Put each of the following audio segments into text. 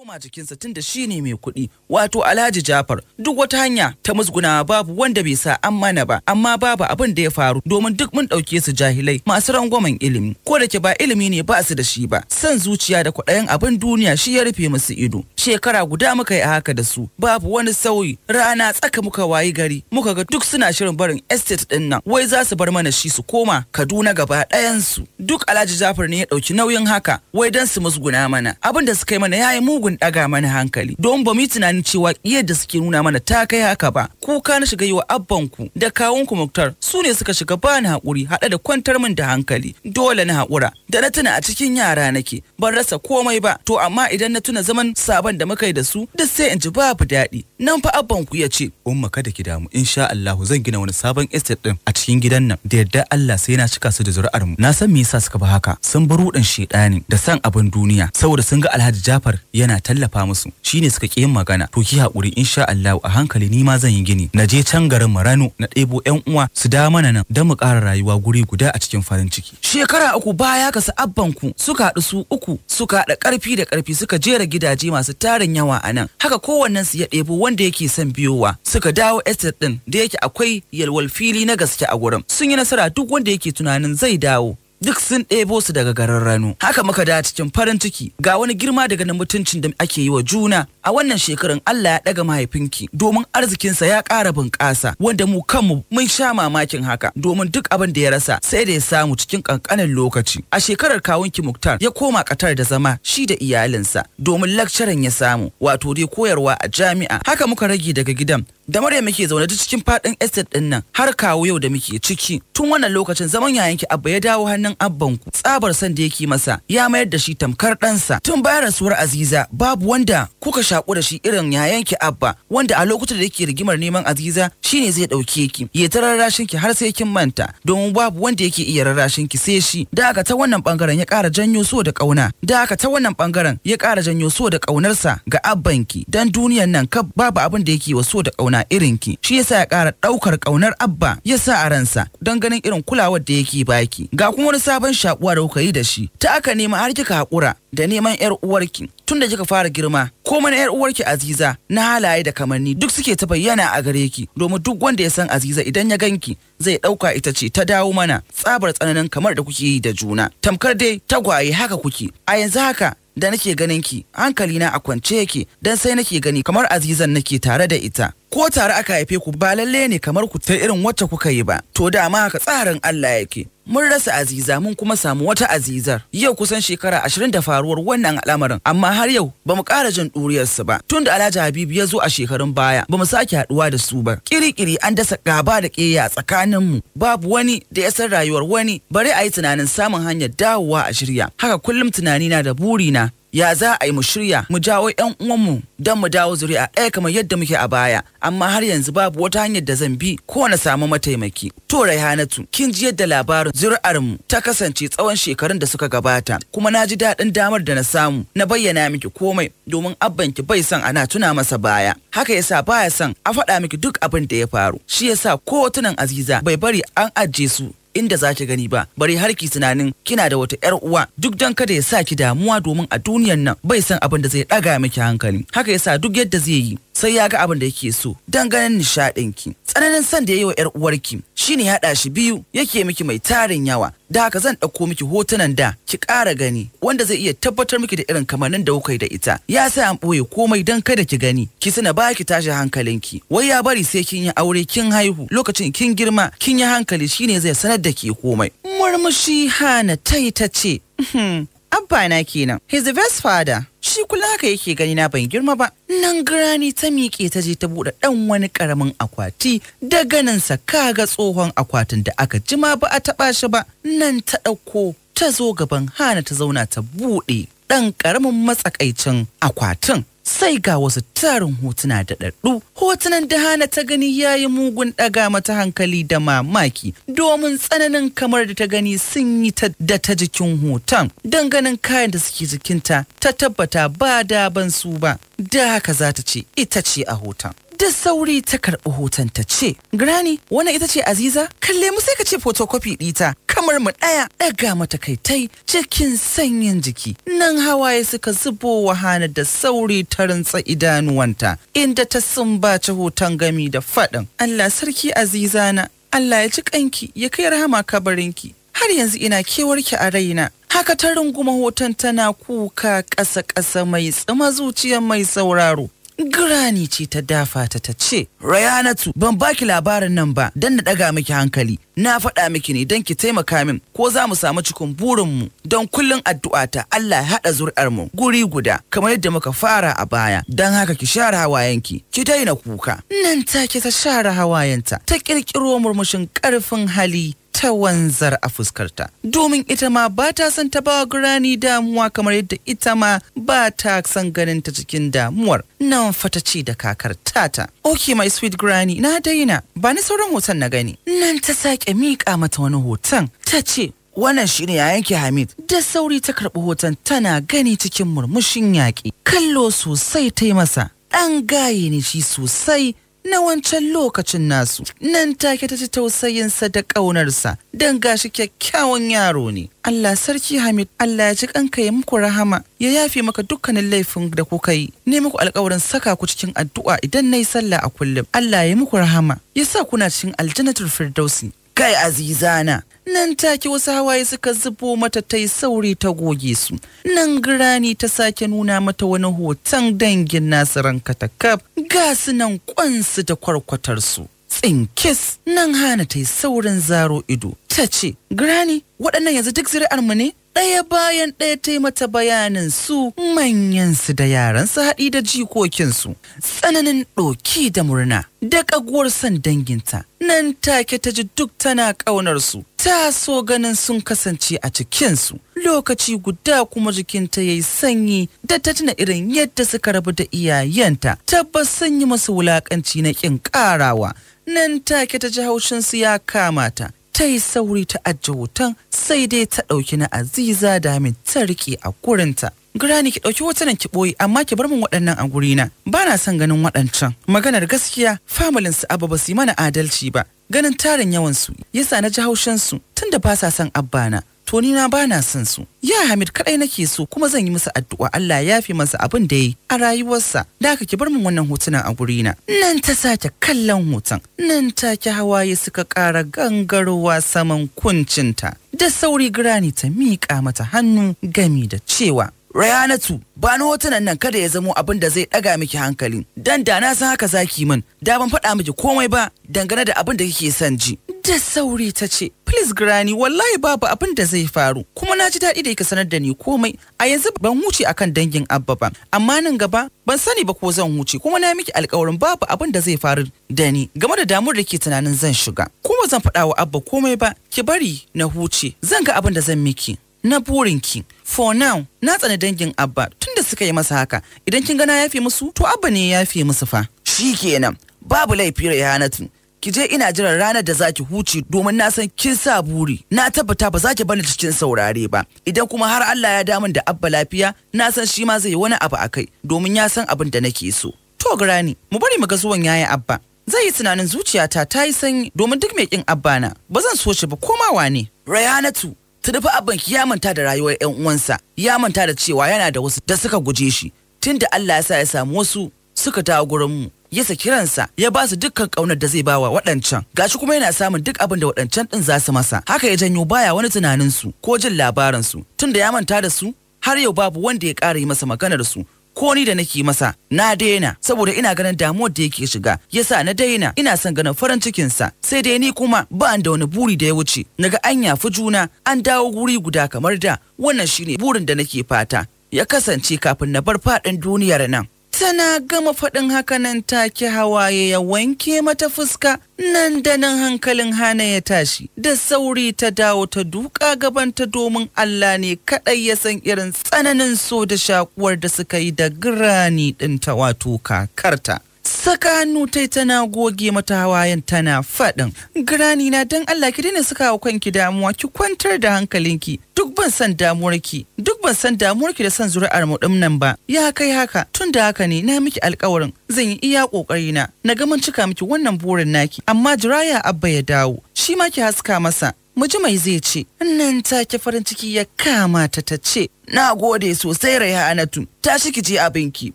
koma jikinsa tun da shi ne mai kuɗi wato alhaji jafar duk wata hanya ta musguna babu wanda bai sa an mana ba amma babu abin da ya faru domin duk mun ɗauke su jahilai masu rangwamen ilimi ko da ke ba ilimi ne ba su da shi ba san zuciya da kwaɗayin abin duniya shi ya rufe musu ido shekara guda muka yi haka da su babu wani sauyi rana tsaka muka wayi gari muka ga duk suna shirin barin estate ɗin nan wai za su bar mana shi su koma kaduna gaba ɗayansu duk alhaji jafar ne ya ɗauki nauyin haka wai don su musguna mana abin da suka yi mana ya yi mugun abin daga mana hankali don ba mu yi tunanin cewa yadda suke nuna mana ta kai haka ba kuka na shiga yiwa wa abbanku da kawunku muktar su ne suka shiga ba ni haƙuri haɗe da kwantar min da hankali dole na haƙura da na tuna a cikin yara nake ban rasa komai ba to amma idan na tuna zaman sabon da muka yi da su duk sai in ji babu daɗi nan fa abbanku ya ce umma kada ki damu insha Allah zan gina wani sabon estate din a cikin gidan nan da yadda Allah sai na cika su da zuri'ar mu na san me yasa suka ba haka sun bar rudan shedani da san abin duniya saboda sun ga Alhaji Jafar yana tallafa musu shine suka ki yin magana to ki haƙuri insha Allah a hankali ni ma zan yi gini na je can garin Marano na ɗebo ƴan uwa su da mana nan don mu ƙara rayuwa guri guda a cikin farin ciki shekara uku baya ka abban ku suka haɗu su uku suka haɗa karfi da karfi suka jera gidaje masu tarin yawa a nan haka kowannen su ya ɗebo wanda yake son biyowa suka dawo estate ɗin da yake akwai yalwal fili na gaske a gurin sun yi nasara duk wanda yake tunanin zai dawo duk sun ɗebo su daga garin rano haka muka da cikin farin ciki ga wani girma daga na mutuncin da ake yi wa juna a wannan shekarun Allah ya ɗaga mahaifinki domin arzikinsa ya ƙara bunƙasa wanda mu kanmu mun sha mamakin haka domin duk abin da ya rasa sai da ya samu cikin ƙanƙanin lokaci a shekarar kawunki Muktar ya koma ƙatar da zama shi da iyalinsa domin lakcaran ya samu wato dai koyarwa a jami'a haka muka rage daga gidan da Maryam muke zaune duk cikin faɗin estate din nan har kawo yau da muke ciki tun wannan lokacin zaman yayanki abba ya dawo hannun abban ku tsabar san da yake masa ya mayar da shi tamkar ɗansa tun bayan rasuwar Aziza babu wanda kuka shaku da shi irin yayan ki abba wanda a lokutan da yake rigimar neman aziza shine zai dauke ki ya ta rarrashin ki har sai kin manta domin babu wanda yake iya rarrashin ki sai shi da aka ta wannan bangaren ya kara janyo so da kauna da aka ta wannan bangaren ya kara janyo so da kaunarsa ga abban ki! dan duniyar nan kab babu abin da yake wa so da kauna irin ki shi yasa ya kara ɗaukar kaunar abba ya sa a ransa don ganin irin kulawar da yake baki ga kuma wani sabon shakuwa da kuka yi da shi ta aka nema har kika hakura da neman yar uwarki tun kika fara girma ko mana na yar uwarki Aziza na halaye da kamanni duk suke ta bayyana a gare ki domin duk wanda ya san Aziza idan ya ganki zai ɗauka ita ce ta dawo mana tsabar tsananin kamar da kuke yi da juna tamkar dai tagwaye haka kuke a yanzu haka da nake ganin ki hankalina a kwance yake dan sai nake gani kamar azizan nake tare da ita ko tare aka haife ku ba lalle ne kamar ku ta irin wacce kuka yi ba to dama haka tsarin Allah yake mun rasa aziza mun kuma samu wata azizar yau kusan shekara ashirin da faruwar wannan al'amarin amma har yau ba mu ƙara jin ɗuriyarsu ba tun da alhaji habibu ya zo a shekarun baya ba mu sake haɗuwa da su ba kirikiri an dasa gaba da ƙeya tsakanin mu babu wani da ya san rayuwar wani bari a yi tunanin samun hanyar dawowa a shirya haka kullum tunani na da burina ya za a yi mu shirya mu jawo 'yan uwanmu don mu dawo zuri'a ɗaya kamar yadda muke a baya amma har yanzu babu wata hanyar da zan bi ko na samu mataimaki to raihanatu kin ji yadda labarin zuri'ar mu ta kasance tsawon shekarun da suka gabata kuma na ji daɗin damar da na samu na bayyana miki komai domin abbanki bai son ana tuna masa baya haka yasa baya son a faɗa miki duk abin da ya faru shi yasa ko tunan aziza bai bari an ajiye su inda za ki gani ba bari har ki tunanin kina da wata yar uwa duk dan kada ya sa ki damuwa domin a duniyar nan bai san abin da zai daga miki hankali haka yasa duk yadda zai yi sai ya ga abin da yake so dan ganin nishaɗin ki tsananin san da yayi wa yar uwarki shine haɗa shi biyu yake miki mai tarin yawa da haka zan ɗauko miki hotunan da ki ƙara gani wanda zai iya tabbatar miki da irin kamannin da kuka yi da ita ya sa an ɓoye komai don kada ki gani ki suna ba ki tashi hankalinki wai ya bari sai kin yi aure kin haihu lokacin kin girma kin yi hankali shine zai sanar da ki komai murmushi hana tai ta ce uhm, abba na kenan his best father shi kula haka yake gani na ban girma ba nan girani ta miƙe ta je ta buɗe ɗan wani ƙaramin akwati da sa kaga tsohon akwatin da aka jima ba a taɓa shi ba nan ta ɗauko ta zo gaban hana ta zauna ta buɗe ɗan ƙaramin matsakaicin akwatin sai ga wasu tarin hotuna da ɗaɗɗu. Hotunan da hana ta gani ya yi mugun ɗaga mata hankali da mamaki domin tsananin kamar da ta gani sun yi ta da ta jikin hoton. Danganin kayan da suke jikinta ta tabbata ba da ban su ba. Da haka za ta ce ita ce a hoton. da sauri ta karɓi hoton ta ce Granny wannan ita ce Aziza kalle mu sai ka ce photocopy ɗita kamar mu ɗaya ɗaga mata kai tai cikin sanyin jiki nan hawaye suka zubo wahana da sauri ta rantsa idanuwanta inda ta sumbaci hoton gami da faɗin Allah sarki Aziza na Allah ya ci kanki ya kai rahama kabarinki har yanzu ina kewarki a raina haka ta runguma hoton tana kuka ƙasa-ƙasa mai tsima zuciyar mai sauraro Granny ce ta dafa ta ta ce, Rayanatu, ban baki labarin nan ba don na ɗaga miki hankali. Na faɗa miki ne don ki taimaka min ko za mu samu cikin burinmu don kullum addu'ata Allah ya haɗa zuri'armu guri guda kamar yadda muka fara a baya. Don haka ki share hawayenki, ki daina kuka. Nan take ta share hawayenta, ta ƙirƙiro murmushin ƙarfin hali ta wanzar a fuskarta domin ita ma ba ta son ta ba gurani damuwa kamar yadda ita ma ba ta son ganin ta cikin damuwar nan fata da kakar tata ok my sweet granny na daina ba ni sauran hoton na gani nan ta sake miƙa mata wani hoton ta ce wannan shine yayanki Hamid da sauri ta karɓi hoton tana gani cikin murmushin yaƙi kallo sosai ta yi masa ɗan gaye ne shi sosai na wancan lokacin nasu nan take ta ci tausayinsa da ƙaunarsa don gashi kyakkyawan yaro ne Allah sarki Hamid Allah ya ji kanka ya muku rahama ya yafe maka dukkanin laifin da kuka yi ne muku alƙawarin saka ku cikin addu'a idan nayi sallah a kullum Allah ya muku rahama ya sa kuna cikin aljannatul firdausi kai azizana nan take wasu hawaye suka zubo mata ta yi sauri ta goge su nan girani ta sake nuna mata wani hoton dangin nasiran katakaf ga su nan kwansu da kwarkwatarsu. tsinkis nan hana ta yi saurin zaro ido ta ce girani waɗannan yanzu duk zuri'ar mu ne ɗaya bayan ɗaya ta mata bayanin su Manyan su da yaran su haɗi da jikokinsu tsananin ɗoki da murna da ƙaguwar son danginta nan take ta ji duk tana ƙaunar su. ta so ganin sun kasance a cikinsu lokaci guda kuma jikinta ya yi sanyi da ta tuna irin yadda suka rabu da iyayenta tabbas sun yi masu wulakanci na ƙin ƙarawa nan take ta ji haushinsu ya kamata. ta yi sauri ta ajiye hoton sai dai ta ɗauki na aziza da min ta riƙe a gurinta. Granny ki ɗauki hotunan ki ɓoye amma ki bar min waɗannan a gurina ba na son ganin waɗancan. Maganar gaskiya familin su abba ba su yi mana adalci ba ganin tarin yawan su yasa na ji haushin su tunda ba sa son abba na. to ni na bana son su ya hamid kadai nake so kuma zan yi masa addu'a Allah ya fi masa abin da yi a rayuwarsa da ka ki bar min wannan hotunan a guri na nan ta sake kallon hoton nan ta ki hawaye suka kara gangarwa saman kuncinta da sauri girani ta mika mata hannu gami da cewa Rayanatu, ba ni hotunan nan kada ya zamo abin da zai ɗaga miki hankali. Dan da na san haka zaki min, da ban faɗa miki komai ba dangane da abin da kike son ji. da sauri ta ce please granny wallahi babu abin da zai faru kuma na ji daɗi da yake sanar da ni komai a yanzu ban huce a kan dangin abba ba amma nan gaba ban sani ba ko zan huce kuma na miki alkawarin babu abin da zai faru da ni game da damar da ke tunanin zan shiga kuma zan faɗa wa abba komai ba ki bari na huce zan ga abin da zan miki na burinki for now na tsani dangin abba tunda suka yi masa haka idan kin gana na yafe musu to abba ne ya yafe musu fa shikenan babu laifi rayanatu ki je ina jiran ranar da zaki huce domin na san kin sa buri na tabbata ba zaki bani cikin saurare ba idan kuma har Allah ya damun da abba lafiya na san shi ma zai wani abu akai domin ya san abin da nake so to grani mu bari mu ga zuwan yayin abba zai yi tunanin zuciyata ta yi sanyi domin duk mai kin abba na ba zan so shi ba koma wane rayanatu dafa abban ki ya manta da rayuwar yan uwansa ya manta da cewa yana da wasu da suka guje shi tunda Allah ya sa ya samu wasu suka ta gurin mu ya saki ransa ya ba su dukkan kaunar da zai bawa waɗancan gashi kuma yana samun duk abin da waɗancan ɗin za su masa haka ya janyo baya wani tunanin su ko jin labarin su tunda ya manta da su har yau babu wanda ya ƙara masa maganar su ko ni da nake masa na daina saboda ina ganin damuwar da yake shiga yasa na daina ina son ganin farin cikin sa sai dai ni kuma ba an da wani buri da ya wuce naga an yafi juna an dawo guri guda kamar da wannan shine burin da nake fata ya kasance kafin na bar faɗin duniyar nan Tana gama faɗin haka nan take hawaye ya wanke mata fuska nan da nan hankalin hana ya tashi da sauri ta dawo ta duka gabanta domin Allah ne kaɗai ya san irin tsananin so da shakuwar da suka yi da girani ɗinta wato kakarta. saka hannu tai tana goge mata hawayen tana faɗin girani na dan Allah ki daina saka wa kanki damuwa ki kwantar da hankalinki duk ban san damuwarki duk ban san damuwarki da san zuri'ar mu nan ba ya kai haka tun da haka ne na miki alƙawarin. zan yi iya kokari na na ga mun cika miki wannan burin naki amma jiraya abba ya dawo shi ma ki haska masa mu ji mai zai ce nan take farin ciki ya kamata ta ce na gode sosai raihanatu ta shi ki je abinki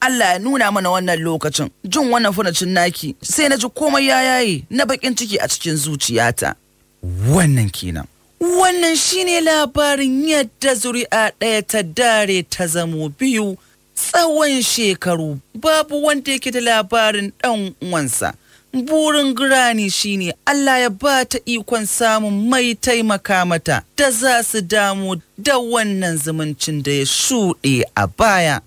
Allah ya nuna mana wannan lokacin jin wannan funacin naki sai na ji komai ya yaye na bakin ciki a cikin zuciyata wannan kenan wannan shine labarin yadda zuri'a ɗaya ta dare ta zamo biyu tsawon shekaru babu wanda yake da labarin ɗan uwansa burin girani shine Allah ya ba ta ikon samun mai taimaka mata da za su damu da wannan zumuncin da ya shuɗe a baya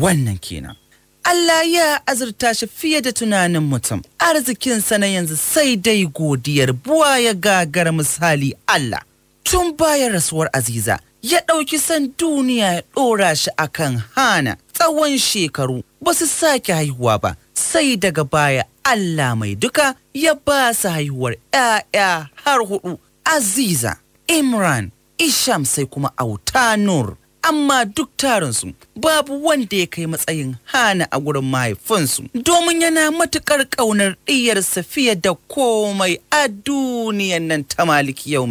wannan kenan Allah ya azurta shi fiye da tunanin mutum, arzikinsa na yanzu sai dai godiyar buwa ya gagar misali Allah. Tun bayan rasuwar Aziza, ya ɗauki san duniya ya ɗora shi akan hana tsawon shekaru ba su sake haihuwa ba, sai daga baya Allah mai duka ya ba su haihuwar ‘ya'ya har hudu, Aziza, Imran, Isham sai kuma Autanur. Nur. amma duk tarinsu babu wanda ya kai matsayin hana a gurin mahaifinsu domin yana matukar ƙaunar ɗiyar safiya da komai a duniyan nan ta maliki yau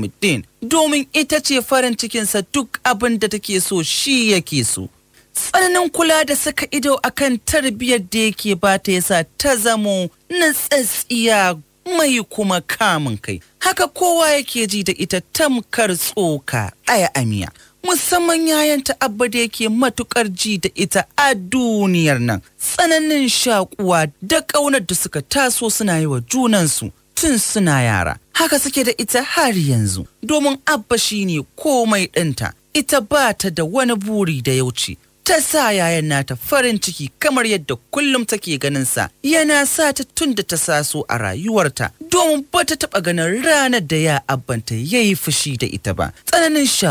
domin ita ce farin cikinsa duk abin da take so shi yake so tsananin kula da saka ido akan tarbiyyar da yake ba ta yasa ta zamo na tsatsiya mai kuma kamun kai haka kowa yake ji da ita tamkar tsoka ɗaya amiya musamman yayan Abba da yake matukar ji da ita a duniyar nan tsananin shakuwa da ƙaunar da suka taso suna yi wa junansu tun suna yara haka suke da ita har yanzu domin abba shine komai ɗinta ita ba ta da wani buri da ya wuce ta sa yayan nata farin ciki kamar yadda kullum take ganin sa yana sa ta tunda da ta saso a rayuwarta domin ba ta taɓa ganin ranar da ya abbanta ya fushi da ita ba tsananin su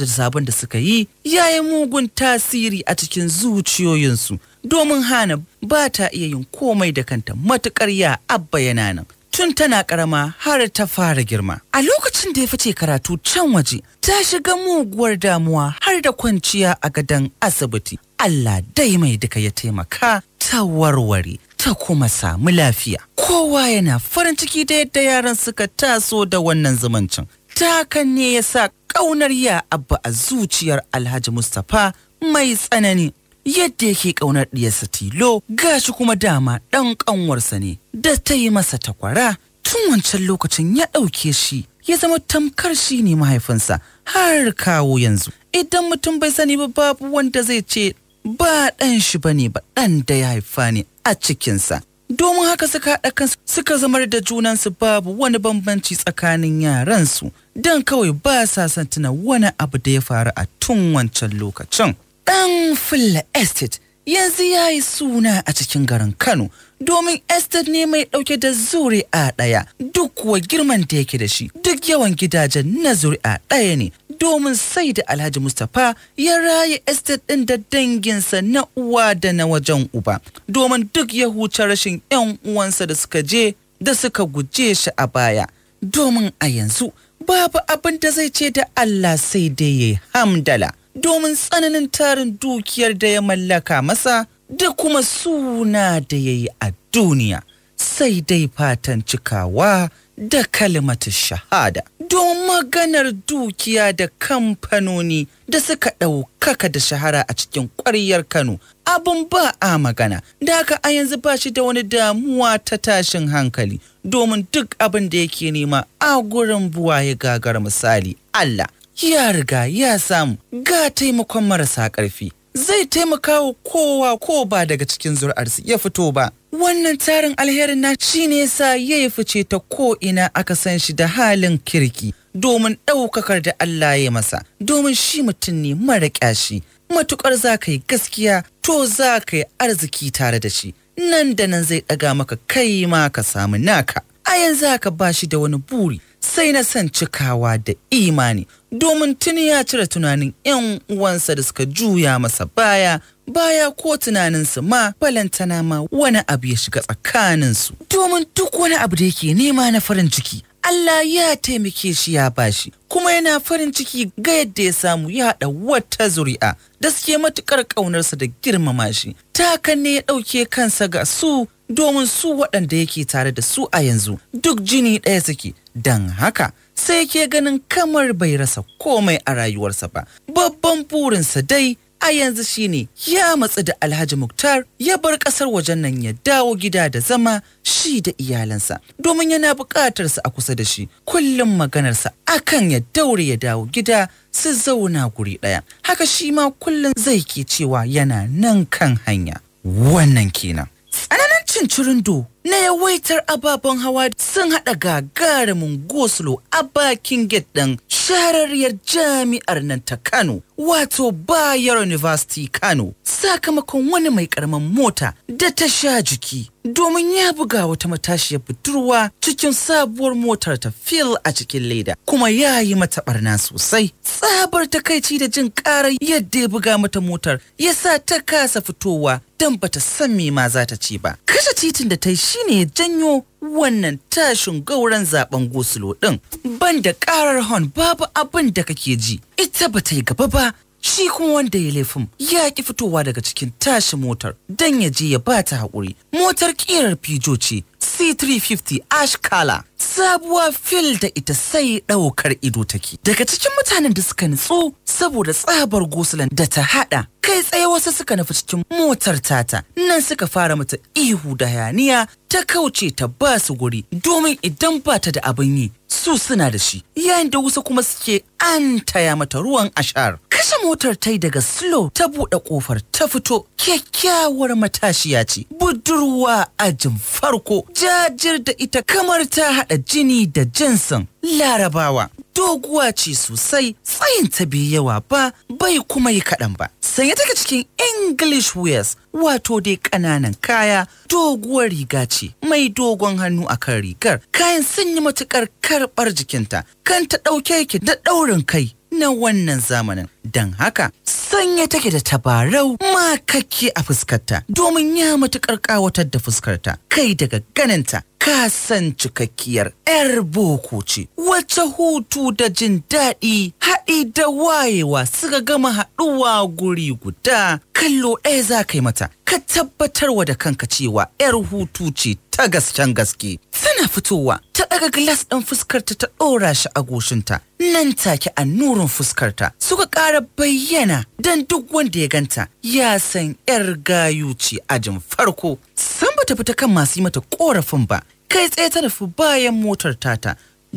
da sabon da suka yi yayi mugun tasiri a cikin zuciyoyinsu domin hana ba ta iya yin komai da kanta matukar ya abba yana nan tun tana karama har ta fara girma. A lokacin da ya fice karatu can waje, ta shiga muguwar damuwa har da kwanciya a gadon asibiti. Allah dai mai duka ya taimaka ta warware ta kuma samu lafiya. Kowa yana farin ciki da yadda yaran suka taso da wannan zumuncin. ta kan ne ya sa ƙaunar ya abba a zuciyar Alhaji Mustapha mai tsanani. yadda yake ƙaunar ɗiyarsa tilo gashi kuma dama ɗan ƙanwarsa ne da ta yi masa takwara tun wancan lokacin ya ɗauke shi ya zama tamkar shi ne mahaifinsa har kawo yanzu idan mutum bai sani ba babu wanda zai ce ba ɗan shi ba ne ba ɗan da ya haifa ne a cikinsa domin haka suka haɗa kansu suka zamar da junansu babu wani bambanci tsakanin yaransu don kawai ba sa san tuna wani abu da ya faru a tun wancan lokacin ɗan fulla estate yanzu ya yi suna a cikin garin Kano domin estate ne mai ɗauke da zuri'a ɗaya duk kuwa girman da yake da shi duk yawan gidajen na zuri'a ɗaya ne domin sai da Alhaji Mustapha ya raye estate ɗin da danginsa na uwa da na wajen uba domin duk ya huce rashin 'yan uwansa da suka je da suka guje shi a baya domin a yanzu babu abin da zai ce da Allah sai dai ya hamdala. domin tsananin tarin dukiyar da ya mallaka masa da kuma suna da ya yi a duniya sai dai fatan cikawa da kalmata shahada don maganar dukiya da kamfanoni da suka ɗaukaka da shahara a cikin ƙwaryar Kano abin ba a magana da haka a yanzu ba shi da wani damuwa ta tashin hankali domin duk abin da yake nema a gurin buwa ya gagar misali Allah ya riga ya samu ga taimakon marasa ƙarfi zai taimaka wa kowa ko ba daga cikin zuri'arsu ya fito ba wannan tarin alherin na shi ne sa ya yi fice ta ko'ina aka san shi da halin kirki domin ɗaukakar da Allah ya masa domin shi mutum ne mara ƙyashi matuƙar za ka yi gaskiya to za ka yi arziki tare da shi nan da nan zai ɗaga maka kai ma ka samu naka a yanzu haka ba shi da wani buri sai na san cikawa da imani domin tuni ya cire tunanin 'yan uwansa da suka juya masa baya baya ko tunaninsu ma balantana ma wani abu ya shiga tsakaninsu domin duk wani abu da yake nema na farin ciki Allah ya taimake shi ya bashi kuma yana farin ciki ga yadda ya samu ya haɗa wata zuri'a da suke matuƙar ƙaunarsa da girmama shi kan ne ya ɗauke kansa ga su domin su waɗanda yake tare da su a yanzu duk jini ɗaya suke don haka sai ke ganin kamar bai rasa komai a rayuwarsa ba babban burinsa dai a yanzu shine ya matsu da alhaji muktar ya bar kasar wajen nan ya dawo gida da zama shi da iyalansa domin yana buƙatar a kusa da shi kullum maganarsa akan ya daure ya dawo gida su zauna guri ɗaya haka shi ma kullum zai ke cewa yana nan kan hanya wannan kenan tsananin cin na yawaitar ababen hawa sun haɗa gagarumin goslo a bakin gate ɗin shahararriyar jami'ar nan ta Kano, wato Bayero University Kano, sakamakon wani mai ƙaramin mota da ta sha jiki. domin ya buga wata matashiyar budurwa cikin sabuwar motar ta fil a cikin leda kuma ya yi mata barna sosai tsabar takaici da jin karar yadda ya buga mata motar ya sa ta kasa fitowa don bata san me ma za ta ce ba kashe titin da ta yi shine janyo wannan tashin gauran zaben gosulo din ban da karar hon babu abin da kake ji ita ba ta yi gaba ba shi kuma wanda ya laifin ya ki fitowa daga cikin tashi motar don ya je ya ba ta haƙuri motar ƙirar fijo ce C350 ash color. Sabuwa fil da ita sai ɗaukar ido take. Daga cikin mutanen da suka nutsu saboda tsabar gosulan da ta haɗa kai tsaye wasu suka nufi cikin motar tata nan suka fara mata ihu da hayaniya ta kauce ta ba su guri domin idan ba ta da abin yi su suna da shi yayin da wasu kuma suke an taya mata ruwan ashar kashe motar ta yi daga slow ta buɗe ƙofar ta fito kyakkyawar matashiya ce budurwa ajin farko jajir da ita kamar ta haɗa jini da jinsin larabawa doguwa ce sosai tsayin ta bai yawa ba bai kuma yi kaɗan ba Sanya take cikin english wears wato dai ƙananan kaya doguwar riga ce mai dogon hannu a kan rigar kayan sun yi matuƙar karɓar jikinta kan ta ɗauke ki da ɗaurin kai na wannan zamanin don haka sanya take da tabarau ma makakke a fuskarta domin ya matuƙar ƙawatar da fuskarta kai daga ganinta kasan cikakkiyar 'yar boko ce wacce hutu da jin daɗi haɗi da wayewa suka gama haɗuwa guri guda kallo ɗaya za ka yi mata ka tabbatarwa da kanka cewa 'yar hutu ce ta gasken gaske tana fitowa ta ɗaga gilas ɗin fuskarta ta ɗora shi a goshinta nan take a nurin fuskarta suka ƙara bayyana don duk wanda ya ganta ya san 'yar gayu ce a jin farko san bata fita kan masu yi mata ƙorafin ba kai tsaye ta nufi bayan motar tata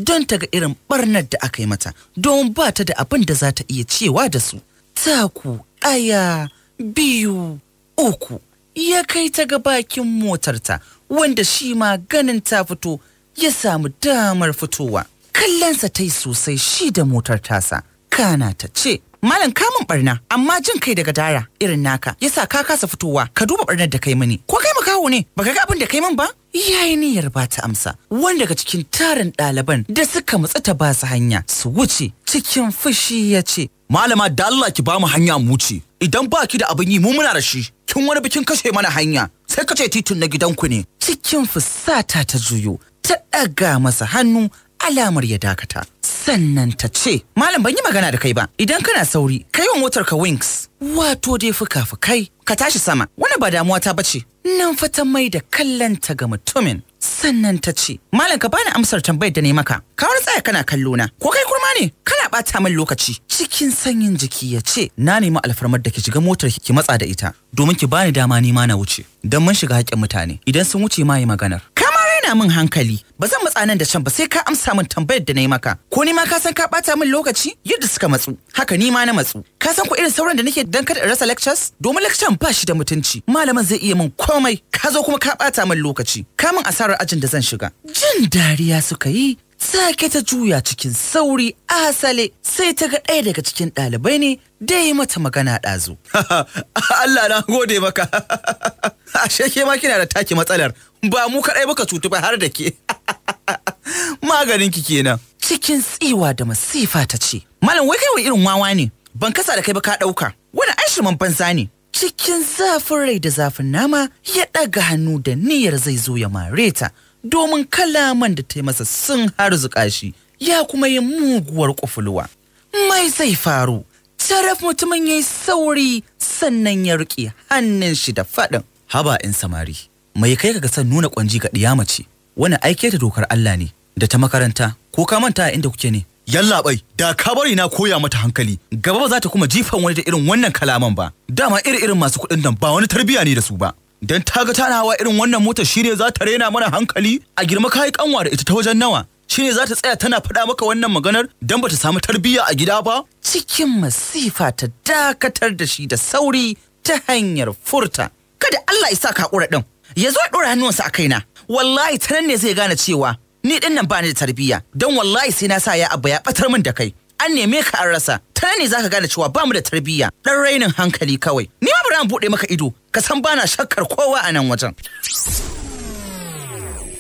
don ta ga irin barnar da aka yi mata don ba ta da abin da za ta iya cewa da su. Taku ɗaya biyu uku ya kai ta ga bakin motarta wanda shi ma ganin ta fito ya samu damar fitowa. Kallonsa ta yi sosai shi da motar tasa, kana ta ce, malam kamun barna amma jin kai daga dara irin naka yasa ka kasa fitowa ka duba barnar da kai mini ko kai makaho ne baka ga abin da kai min ba yayi niyyar ba ta amsa wanda daga cikin tarin ɗaliban da suka matsa ta basu hanya su wuce cikin fushi ya ce malama da Allah ki bamu hanya mu wuce idan ba ki da abin yi mu muna da shi kin wani bikin kashe mana hanya sai kace titin na gidanku ne cikin fusata ta juyo ta ɗaga masa hannu alamar ya dakata. Sannan ta ce, Malam ban yi magana da kai ba, idan kana sauri, kai wa motar ka wings. Wato dai fuka-fukai, ka tashi sama, wani ba damuwa ta bace. Nan fata mai da ta ga mutumin. Sannan ta ce, Malam ka bani amsar tambayar da ne maka, ka wani tsaya kana kallo na, ko kai kurma ne, kana bata min lokaci. Cikin sanyin jiki ya ce, na nemi alfarmar da ki shiga motar ki matsa da ita, domin ki bani dama nima na wuce, don mun shiga haƙƙin mutane, idan sun wuce ma yi maganar. Ka raina min hankali ba zan matsa nan da can ba sai ka amsa min tambayar da na yi maka ko ni ma ka san ka bata min lokaci yadda suka matsu haka ni ma na matsu ka san ko irin sauran da nake dan kada rasa lectures domin lecture ba shi da mutunci malamin zai iya min komai ka zo kuma ka bata min lokaci ka min asarar ajin da zan shiga jin dariya suka yi sake ta juya cikin sauri a hasale sai ta ga ɗaya daga cikin ɗalibai ne da yi mata magana ɗazu. Allah na gode maka, ashe ke ma kina da taki matsalar ba mu kaɗai baka cutu ba har da ke maganin ki kenan cikin tsiwa da masifa ta ce malam wai kai wa irin wawa ne ban kasa da kai ba ka ɗauka wani aishiman banza ne cikin zafin rai da zafin nama ya ɗaga hannu da niyyar zai zo ya mare ta domin kalaman da ta masa sun harzuka shi ya kuma yi muguwar ƙufulwa Mai zai faru, taraf mutumin ya yi sauri sannan ya riƙe hannun shi da faɗin. Haba in samari, mai kai ka ga san nuna kwanji ga ɗiya mace wannan aike ta dokar Allah ne da ta makaranta ko ka manta inda kuke ne yalla bai da ka bari na koya mata hankali gaba ba za ta kuma jifan wani da irin wannan kalaman ba dama iri-irin masu kuɗin nan ba wani tarbiya ne da su ba dan ta ga tana hawa irin wannan motar shine za ta rena mana hankali a girma kai kanwa da ita ta wajen nawa shine za ta tsaya tana faɗa maka wannan maganar dan ta samu tarbiya a gida ba cikin masifa ta dakatar da shi da sauri ta hanyar furta kada Allah ya sa ka hakura din ya zo ɗora hannuwansa a kaina wallahi ta nan ne zai gane cewa ni ɗin nan ba ni da tarbiyya don wallahi sai na sa ya abba ya ɓatar min da kai an neme ka an rasa ta nan ne zaka gane cewa ba mu da tarbiyya ɗan rainin hankali kawai ni ma bari an buɗe maka ido ka san bana shakkar kowa a nan wajen.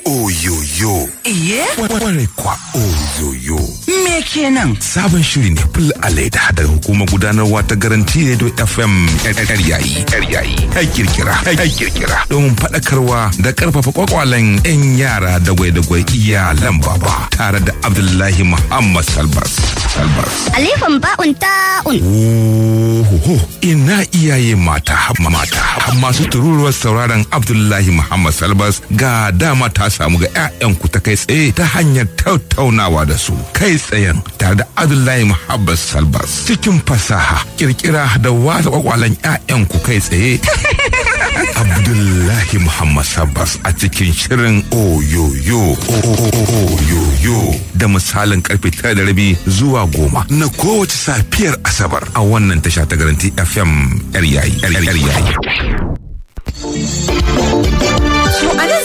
oyoyo. Iye? Kware kwa oyoyo. Me kenan? Sabon shiri ne fil a leda daga hukumar gudanarwa ta garanti radio FM yar yayi. Yar yayi. Ai kirkira. Ai kirkira. Domin faɗakarwa da ƙarfafa kwakwalen 'yan yara da gwai-gwai iyalan baba tare da Abdullahi Muhammad Salbas. Salbas. Alifin ba'un ta'un. Ohoho ina iyaye mata mata masu tururuwar sauraron Abdullahi Muhammad Salbas ga dama ta samu ga 'ya'yanku ta kai tsaye ta hanyar tattaunawa da su kai tsayen tare da Abdullahi Muhammad Salbas cikin fasaha kirkira da wasa kwakwalen 'ya'yanku kai tsaye. Abdullahi Muhammad Sabbas a cikin shirin Oyoyo Oyoyo da misalin karfe tara da rabi zuwa goma na kowace safiyar Asabar a wannan tasha ta garanti FM yar yayi yar yayi.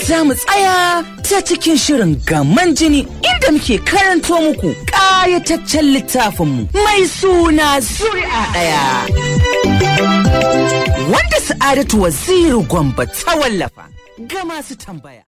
za mu tsaya ta cikin shirin gaman jini inda muke karanto muku ƙayataccen littafinmu mai suna zuri'a ɗaya. Wanda sa'adatu waziri gwamba ta wallafa ga masu tambaya.